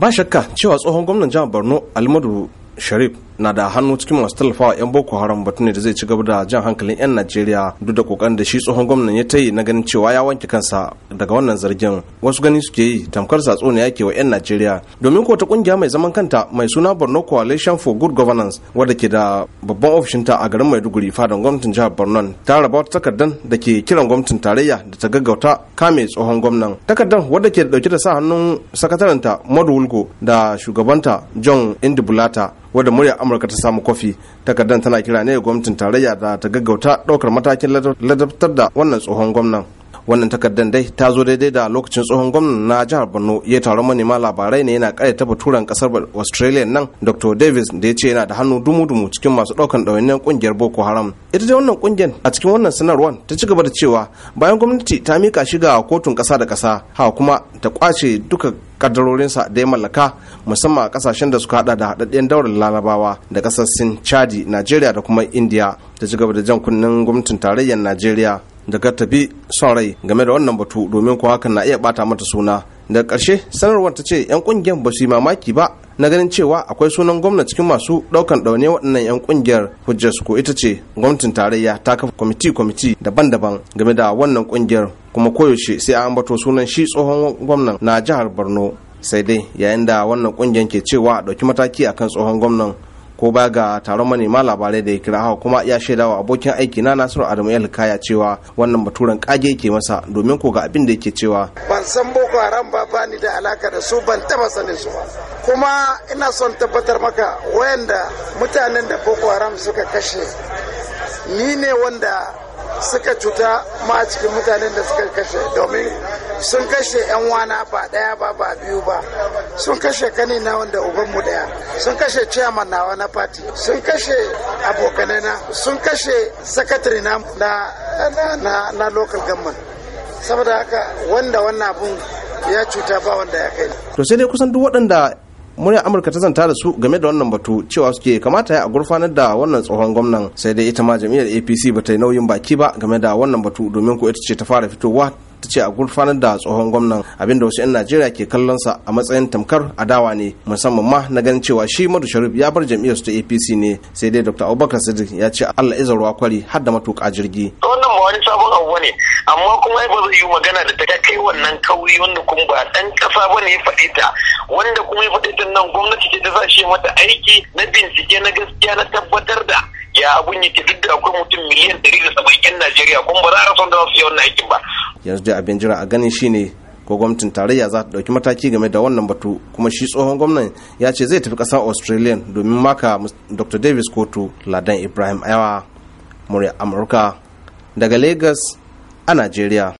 ba shakka cewa tsohon gwamnan jihar borno almadu sharif na da hannu cikin masu tallafawa 'yan boko haram batu ne da zai ci gaba da jan hankalin 'yan najeriya duk da kokarin da shi tsohon gwamnan ya ta yi na ganin cewa ya wanke kansa daga wannan zargin wasu gani suke yi tamkar satso ne yake wa 'yan najeriya domin ko ta kungiya mai zaman kanta mai suna borno coalition for good governance wadda ke da babban ofishinta a garin maiduguri fadan gwamnatin jihar borno ta raba wata takardar da ke kiran gwamnatin tarayya da ta gaggauta kame tsohon gwamnan takardan wadda ke dauke da sa hannun sakatarinta madu wulgo da shugabanta john indibulata wadda muryar amurka ta samu kofi takardar tana kira ne gwamnatin tarayya da ta gaggauta ɗaukar matakin ladabtar da wannan tsohon gwamnan wannan takardar dai ta zo daidai da lokacin tsohon gwamnan na jihar borno ya taron manema labarai ne yana karyata baturan kasar australia nan dr davis da ya ce yana da hannu dumu-dumu cikin masu daukan ɗawainiyar kungiyar boko haram ita dai wannan kungiyar a cikin wannan sanarwar ta ci gaba da cewa bayan gwamnati ta mika shi ga kotun kasa da kasa haka kuma ta kwace duka kadarorinsa da ya mallaka musamman a kasashen da suka hada da haɗaɗɗen daular lalabawa, da ƙasar sin chadi najeriya da kuma india ta ci gaba da jan kunnen gwamnatin tarayyar najeriya daga tafi son rai game da wannan batu domin kuwa hakan na iya bata mata suna daga ƙarshe sanarwar ta ce 'yan ƙungiyar ba su yi mamaki ba na ganin cewa akwai sunan gwamna cikin masu ɗaukan ɗaune waɗannan 'yan kungiyar hujjar ko ita ce gwamnatin tarayya ta kafa kwamiti kwamiti daban-daban game da wannan kungiyar kuma koyaushe sai an bato sunan shi tsohon gwamnan na jihar borno sai dai yayin da wannan ƙungiyar ke cewa ɗauki mataki akan tsohon gwamnan ko ba ga taron manema labarai da ya kira hawa kuma ya shaida wa abokin aiki na nasiru adamu alkaya cewa wannan baturen kage yake masa domin ko ga abin da yake cewa ban san boko haram ba ba ni da alaka da su ban taba sanin su ba kuma ina son tabbatar maka wayanda mutanen da boko haram suka kashe ni ne wanda suka cuta ma cikin mutanen da suka kashe domin sun kashe 'yan wana ba ɗaya ba ba biyu ba sun kashe kani na wanda ubanmu daya sun kashe chairman nawa na party sun kashe abokanai na sun kashe secretary na na na local government saboda haka wanda wannan abun ya cuta ba wanda ya kai to sai dai kusan duk waɗanda murya amurka ta zanta da su game da wannan batu cewa suke kamata ya a gurfanar da wannan tsohon gwamnan sai dai ita ma jam'iyyar apc ba ta yi nauyin baki ba game da wannan batu domin ko ita ce ta fara fitowa ta ce a gurfanar da tsohon gwamnan abin da wasu 'yan najeriya ke kallon sa a matsayin tamkar adawa ne musamman ma na ganin cewa shi madu sharif ya bar jam'iyyar su ta apc ne sai dai dr abubakar sadiq ya ce allah iza ruwa kwari har da matuƙa jirgi wannan ba wani sabon abu ne amma kuma ba zai yi magana da ta kai wannan kauri wanda kuma ba ɗan ƙasa ba ne ya faɗi ta wanda kuma ya faɗi ta nan gwamnati ce ta sashe mata aiki na bincike na gaskiya na tabbatar da ya abun yake duk da akwai mutum miliyan ɗari da saba'in Najeriya kuma ba za a rasa wanda za su yi wannan aikin ba yanzu dai abin jira a ganin shine ko gwamnatin tarayya za ta dauki mataki game da wannan batu kuma shi tsohon gwamnan ya ce zai tafi kasar australia domin maka dr davis kotu ladan ibrahim ayawa murya amurka daga lagos a nigeria